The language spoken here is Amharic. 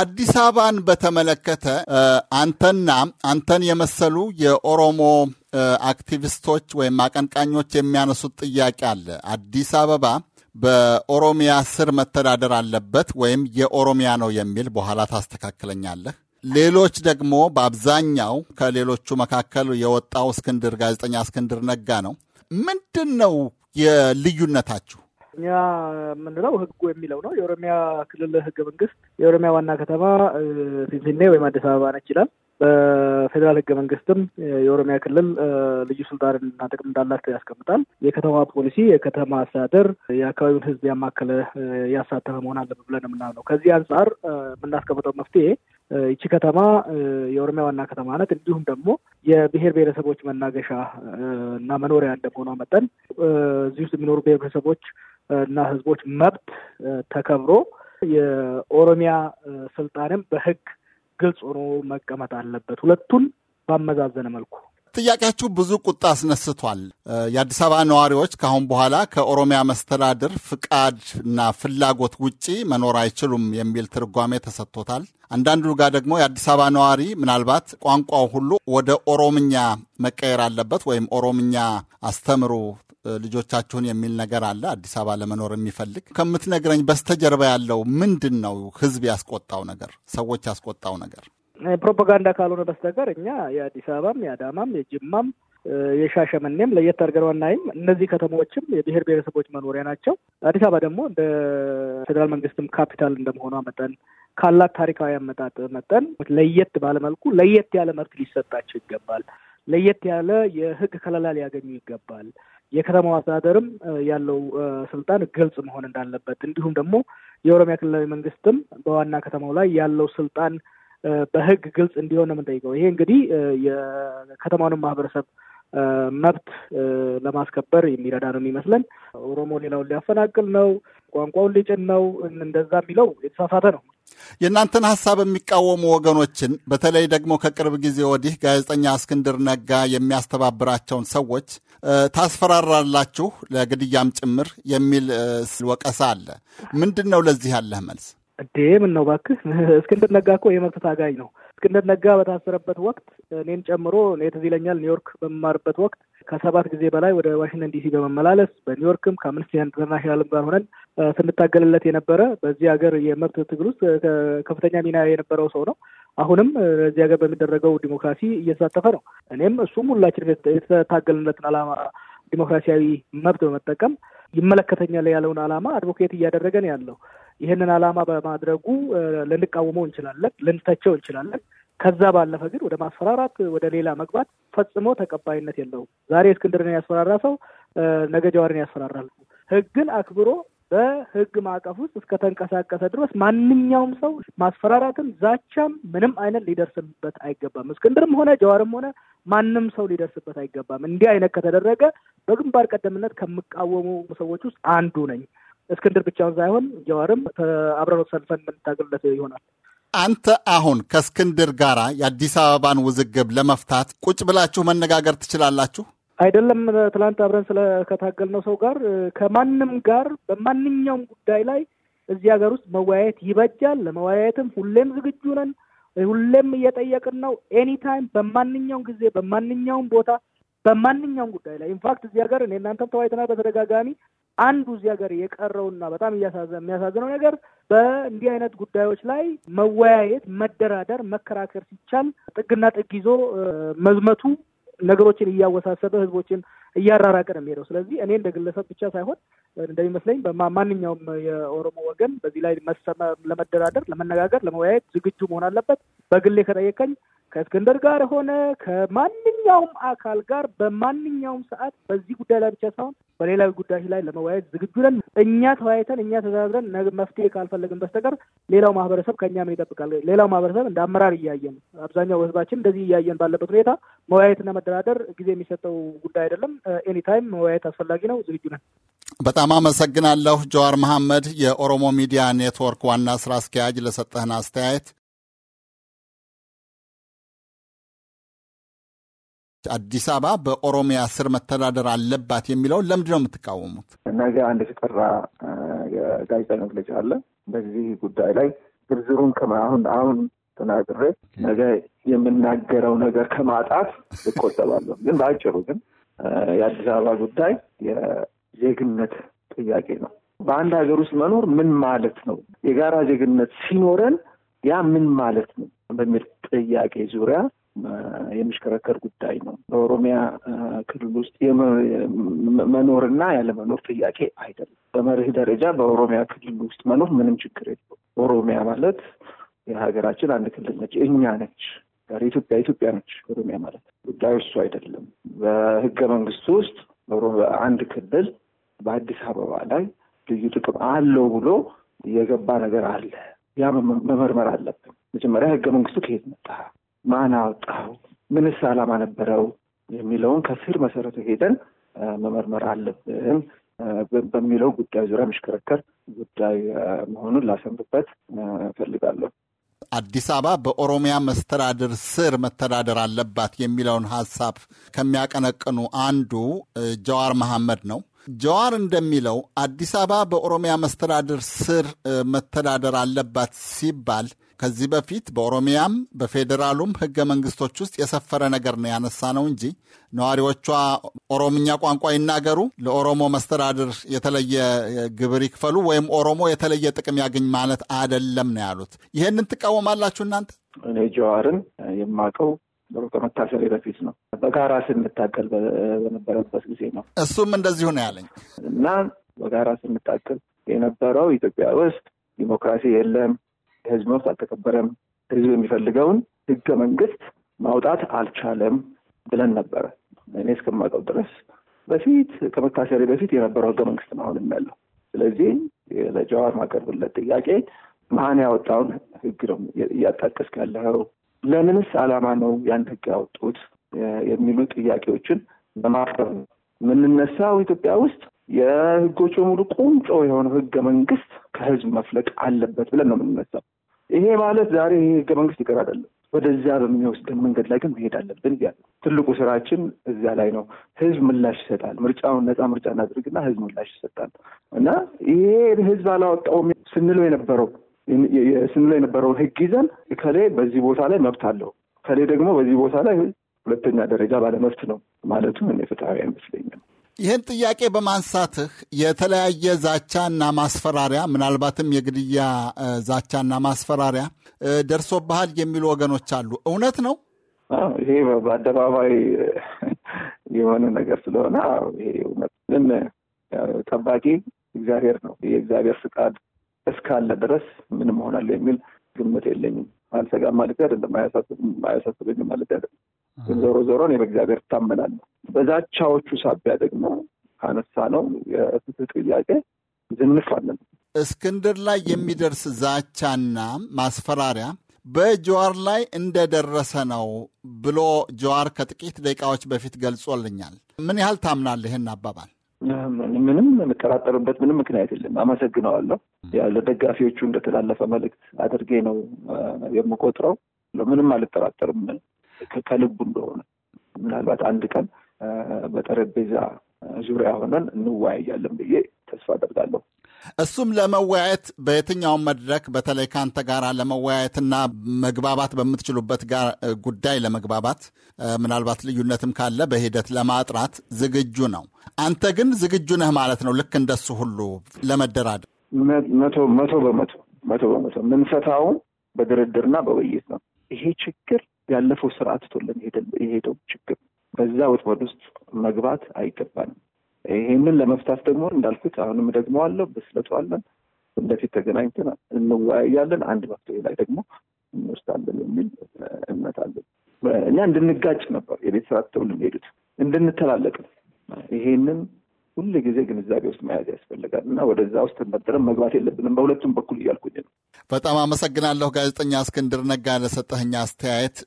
አዲስ አበባን በተመለከተ አንተና አንተን የመሰሉ የኦሮሞ አክቲቪስቶች ወይም አቀንቃኞች የሚያነሱት ጥያቄ አለ። አዲስ አበባ በኦሮሚያ ስር መተዳደር አለበት ወይም የኦሮሚያ ነው የሚል በኋላ ታስተካክለኛለህ። ሌሎች ደግሞ በአብዛኛው ከሌሎቹ መካከል የወጣው እስክንድር ጋዜጠኛ እስክንድር ነጋ ነው። ምንድን ነው የልዩነታችሁ? እኛ የምንለው ህጉ የሚለው ነው። የኦሮሚያ ክልል ህገ መንግስት የኦሮሚያ ዋና ከተማ ፊንፊኔ ወይም አዲስ አበባ ነች ይላል። በፌዴራል ህገ መንግስትም የኦሮሚያ ክልል ልዩ ስልጣንና ጥቅም እንዳላት ያስቀምጣል። የከተማ ፖሊሲ፣ የከተማ አስተዳደር የአካባቢውን ህዝብ ያማከለ ያሳተፈ መሆን አለበት ብለን የምናምነው ከዚህ አንጻር የምናስቀምጠው መፍትሄ ይቺ ከተማ የኦሮሚያ ዋና ከተማ ናት። እንዲሁም ደግሞ የብሔር ብሔረሰቦች መናገሻ እና መኖሪያ እንደመሆኗ መጠን እዚህ ውስጥ የሚኖሩ ብሔር ብሔረሰቦች እና ህዝቦች መብት ተከብሮ የኦሮሚያ ስልጣንም በህግ ግልጽ ሆኖ መቀመጥ አለበት። ሁለቱን ባመዛዘነ መልኩ ጥያቄያችሁ ብዙ ቁጣ አስነስቷል። የአዲስ አበባ ነዋሪዎች ከአሁን በኋላ ከኦሮሚያ መስተዳድር ፍቃድ እና ፍላጎት ውጪ መኖር አይችሉም የሚል ትርጓሜ ተሰጥቶታል። አንዳንዱ ጋር ደግሞ የአዲስ አበባ ነዋሪ ምናልባት ቋንቋው ሁሉ ወደ ኦሮምኛ መቀየር አለበት ወይም ኦሮምኛ አስተምሩ ልጆቻችሁን የሚል ነገር አለ። አዲስ አበባ ለመኖር የሚፈልግ ከምትነግረኝ በስተጀርባ ያለው ምንድን ነው? ህዝብ ያስቆጣው ነገር፣ ሰዎች ያስቆጣው ነገር ፕሮፓጋንዳ ካልሆነ በስተቀር እኛ የአዲስ አበባም የአዳማም የጅማም የሻሸመኔም ለየት አድርገን አናይም። እነዚህ ከተሞችም የብሔር ብሔረሰቦች መኖሪያ ናቸው። አዲስ አበባ ደግሞ እንደ ፌዴራል መንግስትም ካፒታል እንደመሆኗ መጠን ካላት ታሪካዊ አመጣጥ መጠን ለየት ባለመልኩ ለየት ያለ መብት ሊሰጣቸው ይገባል። ለየት ያለ የህግ ከለላ ሊያገኙ ይገባል። የከተማው አስተዳደርም ያለው ስልጣን ግልጽ መሆን እንዳለበት እንዲሁም ደግሞ የኦሮሚያ ክልላዊ መንግስትም በዋና ከተማው ላይ ያለው ስልጣን በህግ ግልጽ እንዲሆን ነው የምንጠይቀው። ይሄ እንግዲህ የከተማውንም ማህበረሰብ መብት ለማስከበር የሚረዳ ነው የሚመስለን። ኦሮሞ ሌላውን ሊያፈናቅል ነው፣ ቋንቋውን ሊጭን ነው፣ እንደዛ የሚለው የተሳሳተ ነው። የእናንተን ሀሳብ የሚቃወሙ ወገኖችን በተለይ ደግሞ ከቅርብ ጊዜ ወዲህ ጋዜጠኛ እስክንድር ነጋ የሚያስተባብራቸውን ሰዎች ታስፈራራላችሁ፣ ለግድያም ጭምር የሚል ወቀሳ አለ። ምንድን ነው ለዚህ ያለህ መልስ? እዴ ምን ነው እባክህ፣ እስክንድር ነጋ እኮ የመብት ታጋይ ነው። እስክንድር ነጋ በታሰረበት ወቅት እኔን ጨምሮ እኔ ትዝ ይለኛል ኒውዮርክ በምማርበት ወቅት ከሰባት ጊዜ በላይ ወደ ዋሽንግተን ዲሲ በመመላለስ በኒውዮርክም ከአምነስቲ ኢንተርናሽናልም ጋር ሆነን ስንታገልለት የነበረ በዚህ ሀገር የመብት ትግል ውስጥ ከፍተኛ ሚና የነበረው ሰው ነው። አሁንም እዚህ ሀገር በሚደረገው ዲሞክራሲ እየተሳተፈ ነው። እኔም እሱም ሁላችን የተታገልንለትን አላማ ዲሞክራሲያዊ መብት በመጠቀም ይመለከተኛል ያለውን አላማ አድቮኬት እያደረገን ያለው። ይህንን ዓላማ በማድረጉ ልንቃወመው እንችላለን፣ ልንተቸው እንችላለን። ከዛ ባለፈ ግን ወደ ማስፈራራት ወደ ሌላ መግባት ፈጽሞ ተቀባይነት የለውም። ዛሬ እስክንድርን ያስፈራራ ሰው ነገ ጀዋርን ያስፈራራል። ህግን አክብሮ በህግ ማዕቀፍ ውስጥ እስከተንቀሳቀሰ ድረስ ማንኛውም ሰው ማስፈራራትም፣ ዛቻም ምንም አይነት ሊደርስበት አይገባም። እስክንድርም ሆነ ጀዋርም ሆነ ማንም ሰው ሊደርስበት አይገባም። እንዲህ አይነት ከተደረገ በግንባር ቀደምነት ከምቃወሙ ሰዎች ውስጥ አንዱ ነኝ። እስክንድር ብቻውን ሳይሆን ጀዋርም አብረን ሰልፈን የምንታገልለት ይሆናል። አንተ አሁን ከእስክንድር ጋራ የአዲስ አበባን ውዝግብ ለመፍታት ቁጭ ብላችሁ መነጋገር ትችላላችሁ? አይደለም ትላንት አብረን ስለከታገልነው ሰው ጋር ከማንም ጋር በማንኛውም ጉዳይ ላይ እዚህ ሀገር ውስጥ መወያየት ይበጃል። ለመወያየትም ሁሌም ዝግጁ ነን፣ ሁሌም እየጠየቅን ነው። ኤኒታይም፣ በማንኛውም ጊዜ፣ በማንኛውም ቦታ በማንኛውም ጉዳይ ላይ ኢንፋክት እዚህ ሀገር እኔ እናንተም ተወያይተናል በተደጋጋሚ አንዱ እዚህ ሀገር የቀረውና በጣም የሚያሳዝነው ነገር በእንዲህ አይነት ጉዳዮች ላይ መወያየት፣ መደራደር፣ መከራከር ሲቻል ጥግና ጥግ ይዞ መዝመቱ ነገሮችን እያወሳሰበ ህዝቦችን እያራራቀ ነው የሚሄደው። ስለዚህ እኔ እንደ ግለሰብ ብቻ ሳይሆን እንደሚመስለኝ ማንኛውም የኦሮሞ ወገን በዚህ ላይ ለመደራደር፣ ለመነጋገር፣ ለመወያየት ዝግጁ መሆን አለበት። በግሌ ከጠየቀኝ ከእስክንድር ጋር ሆነ ከማንኛውም አካል ጋር በማንኛውም ሰዓት በዚህ ጉዳይ ላይ ብቻ ሳይሆን በሌላዊ ጉዳይ ላይ ለመወያየት ዝግጁ ነን። እኛ ተወያይተን እኛ ተዛዝረን መፍትሄ ካልፈለግን በስተቀር ሌላው ማህበረሰብ ከእኛ ምን ይጠብቃል? ሌላው ማህበረሰብ እንደ አመራር እያየን አብዛኛው ህዝባችን እንደዚህ እያየን ባለበት ሁኔታ መወያየትና መደራደር ጊዜ የሚሰጠው ጉዳይ አይደለም። ኤኒታይም uh, መወያየት አስፈላጊ ነው። ዝግጁ ነን። በጣም አመሰግናለሁ። ጀዋር መሐመድ የኦሮሞ ሚዲያ ኔትወርክ ዋና ስራ አስኪያጅ ለሰጠህን አስተያየት አዲስ አበባ በኦሮሚያ ስር መተዳደር አለባት የሚለውን ለምንድን ነው የምትቃወሙት? ነገ አንድ የተጠራ uh, ጋዜጣዊ መግለጫ አለ። በዚህ ጉዳይ ላይ ዝርዝሩን አሁን አሁን ተናግሬ ነገ የምናገረው ነገር ከማጣት እቆጠባለሁ። ግን በአጭሩ ግን የአዲስ አበባ ጉዳይ የዜግነት ጥያቄ ነው። በአንድ ሀገር ውስጥ መኖር ምን ማለት ነው? የጋራ ዜግነት ሲኖረን ያ ምን ማለት ነው? በሚል ጥያቄ ዙሪያ የሚሽከረከር ጉዳይ ነው። በኦሮሚያ ክልል ውስጥ መኖርና ያለመኖር ጥያቄ አይደለም። በመርህ ደረጃ በኦሮሚያ ክልል ውስጥ መኖር ምንም ችግር የለውም። ኦሮሚያ ማለት የሀገራችን አንድ ክልል ነች፣ እኛ ነች። ኢትዮጵያ ኢትዮጵያ ነች። ኦሮሚያ ማለት ጉዳዩ እሱ አይደለም። በህገ መንግስቱ ውስጥ አንድ ክልል በአዲስ አበባ ላይ ልዩ ጥቅም አለው ብሎ የገባ ነገር አለ። ያ መመርመር አለብን። መጀመሪያ ህገ መንግስቱ ከየት መጣ፣ ማን አወጣው፣ ምንስ አላማ ነበረው የሚለውን ከስር መሰረቱ ሄደን መመርመር አለብን በሚለው ጉዳይ ዙሪያ የሚሽከረከር ጉዳይ መሆኑን ላሰምርበት እፈልጋለሁ። አዲስ አበባ በኦሮሚያ መስተዳድር ስር መተዳደር አለባት የሚለውን ሀሳብ ከሚያቀነቅኑ አንዱ ጀዋር መሐመድ ነው። ጀዋር እንደሚለው አዲስ አበባ በኦሮሚያ መስተዳድር ስር መተዳደር አለባት ሲባል ከዚህ በፊት በኦሮሚያም በፌዴራሉም ህገ መንግስቶች ውስጥ የሰፈረ ነገር ነው ያነሳ ነው እንጂ ነዋሪዎቿ ኦሮምኛ ቋንቋ ይናገሩ፣ ለኦሮሞ መስተዳድር የተለየ ግብር ይክፈሉ፣ ወይም ኦሮሞ የተለየ ጥቅም ያገኝ ማለት አደለም ነው ያሉት። ይህንን ትቃወማላችሁ እናንተ? እኔ ጀዋርን የማውቀው ከመታሰሪ በፊት ነው። በጋራ ስንታገል በነበረበት ጊዜ ነው። እሱም እንደዚሁ ነው ያለኝ እና በጋራ ስንታገል የነበረው ኢትዮጵያ ውስጥ ዲሞክራሲ የለም የህዝብ መብት አልተከበረም፣ ህዝብ የሚፈልገውን ህገ መንግስት ማውጣት አልቻለም ብለን ነበረ። እኔ እስከማውቀው ድረስ በፊት ከመታሰሪ በፊት የነበረው ህገ መንግስት ነው አሁንም ያለው። ስለዚህ ለጀዋር ማቀርብለት ጥያቄ ማን ያወጣውን ህግ ነው እያጣቀስክ ያለው? ለምንስ አላማ ነው ያን ህግ ያወጡት? የሚሉ ጥያቄዎችን በማቅረብ ነው የምንነሳው። ኢትዮጵያ ውስጥ የህጎቹ ሙሉ ቁንጮ የሆነው ህገ መንግስት ከህዝብ መፍለቅ አለበት ብለን ነው የምንነሳው። ይሄ ማለት ዛሬ ይሄ ህገ መንግስት ይቀር አይደለም። ወደዚያ በሚወስደን መንገድ ላይ ግን መሄድ አለብን እያለ ትልቁ ስራችን እዚያ ላይ ነው። ህዝብ ምላሽ ይሰጣል። ምርጫውን ነፃ ምርጫ እናድርግና ህዝብ ምላሽ ይሰጣል እና ይሄ ህዝብ አላወጣውም ስንለው የነበረው ስንለው የነበረውን ህግ ይዘን ከሌ በዚህ ቦታ ላይ መብት አለው ከሌ ደግሞ በዚህ ቦታ ላይ ሁለተኛ ደረጃ ባለመብት ነው ማለቱ እኔ ፍትሐዊ አይመስለኝም። ይህን ጥያቄ በማንሳትህ የተለያየ ዛቻና ማስፈራሪያ ምናልባትም የግድያ ዛቻና ማስፈራሪያ ደርሶብሃል የሚሉ ወገኖች አሉ። እውነት ነው? ይሄ በአደባባይ የሆነ ነገር ስለሆነ ይሄ እውነት ግን ጠባቂ እግዚአብሔር ነው። የእግዚአብሔር ፍቃድ እስካለ ድረስ ምንም እሆናለሁ የሚል ግምት የለኝም። አልሰጋም ማለት አይደለም፣ አያሳስበኝም ማለት አይደለም። ዞሮ ዞሮ እኔ በእግዚአብሔር እታመናለሁ። በዛቻዎቹ ሳቢያ ደግሞ ካነሳ ነው የፍትህ ጥያቄ ዝንፍ አለን። እስክንድር ላይ የሚደርስ ዛቻና ማስፈራሪያ በጀዋር ላይ እንደደረሰ ነው ብሎ ጀዋር ከጥቂት ደቂቃዎች በፊት ገልጾልኛል። ምን ያህል ታምናለህ ይህን አባባል? ምንም የምጠራጠርበት ምንም ምክንያት የለም። አመሰግነዋለሁ። ለደጋፊዎቹ እንደተላለፈ መልእክት አድርጌ ነው የምቆጥረው። ምንም አልጠራጠርም ከልቡ እንደሆነ ምናልባት አንድ ቀን በጠረጴዛ ዙሪያ ሆነን እንወያያለን ብዬ ተስፋ አደርጋለሁ። እሱም ለመወያየት በየትኛውም መድረክ በተለይ ከአንተ ጋር ለመወያየትና መግባባት በምትችሉበት ጋር ጉዳይ ለመግባባት ምናልባት ልዩነትም ካለ በሂደት ለማጥራት ዝግጁ ነው። አንተ ግን ዝግጁ ነህ ማለት ነው። ልክ እንደሱ ሁሉ ለመደራደር መቶ መቶ በመቶ መቶ በመቶ ምንፈታው በድርድርና በውይይት ነው። ይሄ ችግር ያለፈው ስርዓት ቶለን የሄደው ችግር በዛ ወጥመድ ውስጥ መግባት አይገባንም። ይህንን ለመፍታት ደግሞ እንዳልኩት አሁንም ደግሞ አለው ብስለቱ አለን። እንደፊት ተገናኝተን እንወያያለን። አንድ መፍትሄ ላይ ደግሞ እንወስዳለን የሚል እምነት አለን። እኛ እንድንጋጭ ነበር የቤት ስራ ትተው እንድንተላለቅ ይሄንን ሁል ጊዜ ግንዛቤ ውስጥ መያዝ ያስፈልጋል እና ወደዛ ውስጥ መጠረም መግባት የለብንም በሁለቱም በኩል እያልኩኝ ነው። በጣም አመሰግናለሁ ጋዜጠኛ እስክንድር ነጋ ለሰጠህኛ አስተያየት።